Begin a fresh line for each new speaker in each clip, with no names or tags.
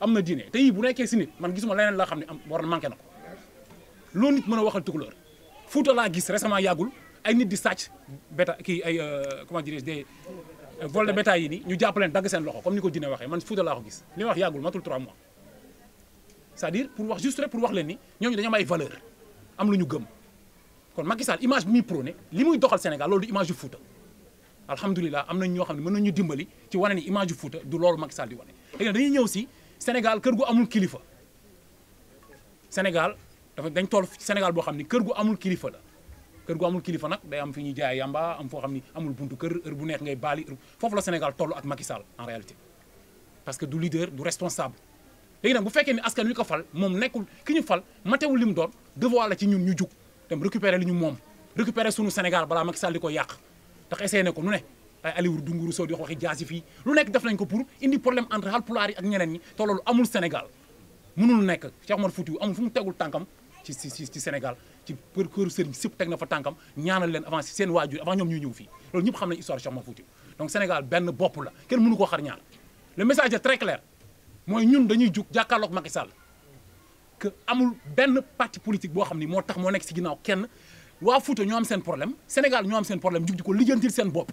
amna na diine bu nekkee si man gisuma leneen la xam am war na manqué na ko nit mën waxal tukulor Fuuta la gis récemment yagul ay nit di sàcc beta ki ay euh, comment dire des euh, vol de bétail yi nii ñu jàpp leen dagg seen loxo comme ni ko dina waxee man Fuuta la ko gis li wax yagul matul 3 mois c'est-à-dire pour wax juste pour wax leen ni ñooñu dañoo am ay valeur am lu ñu gëm kon Macky Sall image mi muy prôné li muy doxal Sénégal lolu du image du Fuuta alhamdoulillah amna ñoo xamni ne mën dimbali ci wane ni image du Fuuta du lolu Macky Sall di wané léegi dañuy ñëw si Sénégal kër gu amul kilifa Sénégal dafa dañ toll Sénégal bo xamni ni kër gu amul kilifa la kër gu amul kilifa nak day am fi ñuy jaay yamba am fo xamni amul buntu kër heure bu neex ngay baali Fofu la Sénégal toll ak Macky Sall en réalité parce que du leader du responsable Légui nag bu fekké ni askan ñu ko fal mom nekkul ki ñu fal matewul li mu doon devoir la ci ñun ñu juk. dem récupérer li ñu moom récupérer suñu Sénégal balaa Macky Sall diko yaq. Tax essayé ne ko nu ne Aliou Dunguru Sow di wax waxi jaasi fii lu nekk def nañ ko pour indi problème entre Haalpulaar yi ak ñeneen ñi te loolu amul Sénégal mënul nekk Cheikh Omar Foutiyou amul fu mu tegul tànkam ci ci ci Sénégal ci kër këru sëriñ sëpp teg na fa tànkam ñaanal leen avant noir, waajur avant ñoom ñuy ñëw fii loolu ñëpp xam histoire Cheikh Omar Foutiyou donc Sénégal benn ne la kenn mënu koo xar ñaar le message est très clair mooy ñun dañuy jug jàkkaarloog Macky Sall que amul benn parti politique boit comme ni moo tax moo nekk si ginnaaw kenn waa Fouta ñoo am seen problème Sénégal nous am un problème jug di ko lijjantil un bopp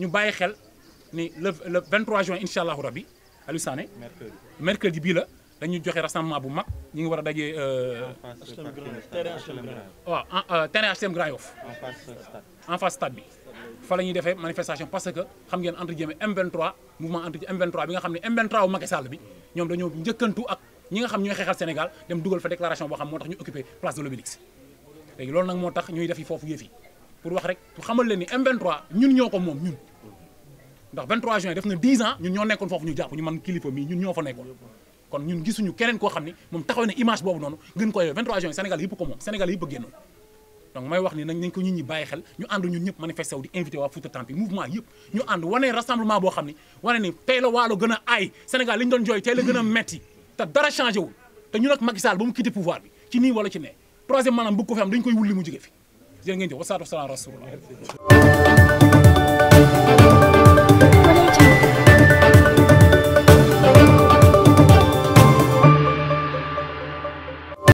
ñu bàyyi xel ni le le 23 juin Inch'Allah, allahu rabi Aliou mercredi mercredi bii la dañu joxe rassemblement bu mag ñu ngi war a dajee. Euh, waaw en euh, terrain HTM Grand Yoff. en face stade en face stade bi. fa la ñuy defee manifestation parce que xam ngeen entre M23 mouvement entre M23 bi nga xam ne M23 wu Macky Sall bi ñoom dañoo njëkkantu ak ñi nga xam ñooy xeexal Sénégal dem dugal fa déclaration boo xam moo tax ñu occupé place de l'Obélisque léegi loolu nag moo tax ñuy def yi pour wax rek xamal leen ni M23 ñun ñoo ko moom ñun ndax 23 juin def na 10 ans ñun ñoo nekkoon foofu ñu jàpp ñu man kilifa mi ñun ñoo fa nekkoon kon ñun gisuñu keneen koo xam ni moom taxaw na image boobu noonu gën ko 23 juin Sénégal yëpp ko moom Sénégal yëpp nous donc may wax ni nañ nañ ko nit ñi bàyyi xel ñu ànd ñun ñëpp manifesté wu di invité waa Fouta Tampi mouvement yëpp ñu ànd wane rassemblement boo xam nous wane ni tey la waalo gën a aay Sénégal li ñu doon jooy tey la gën a metti te dara changé wul te ñun ak Macky Sall ba mu quitté pouvoir bi ci nii wala ci ne troisième manam bëgg ko fi am dañ koy wulli mu jóge fi jërë ngeen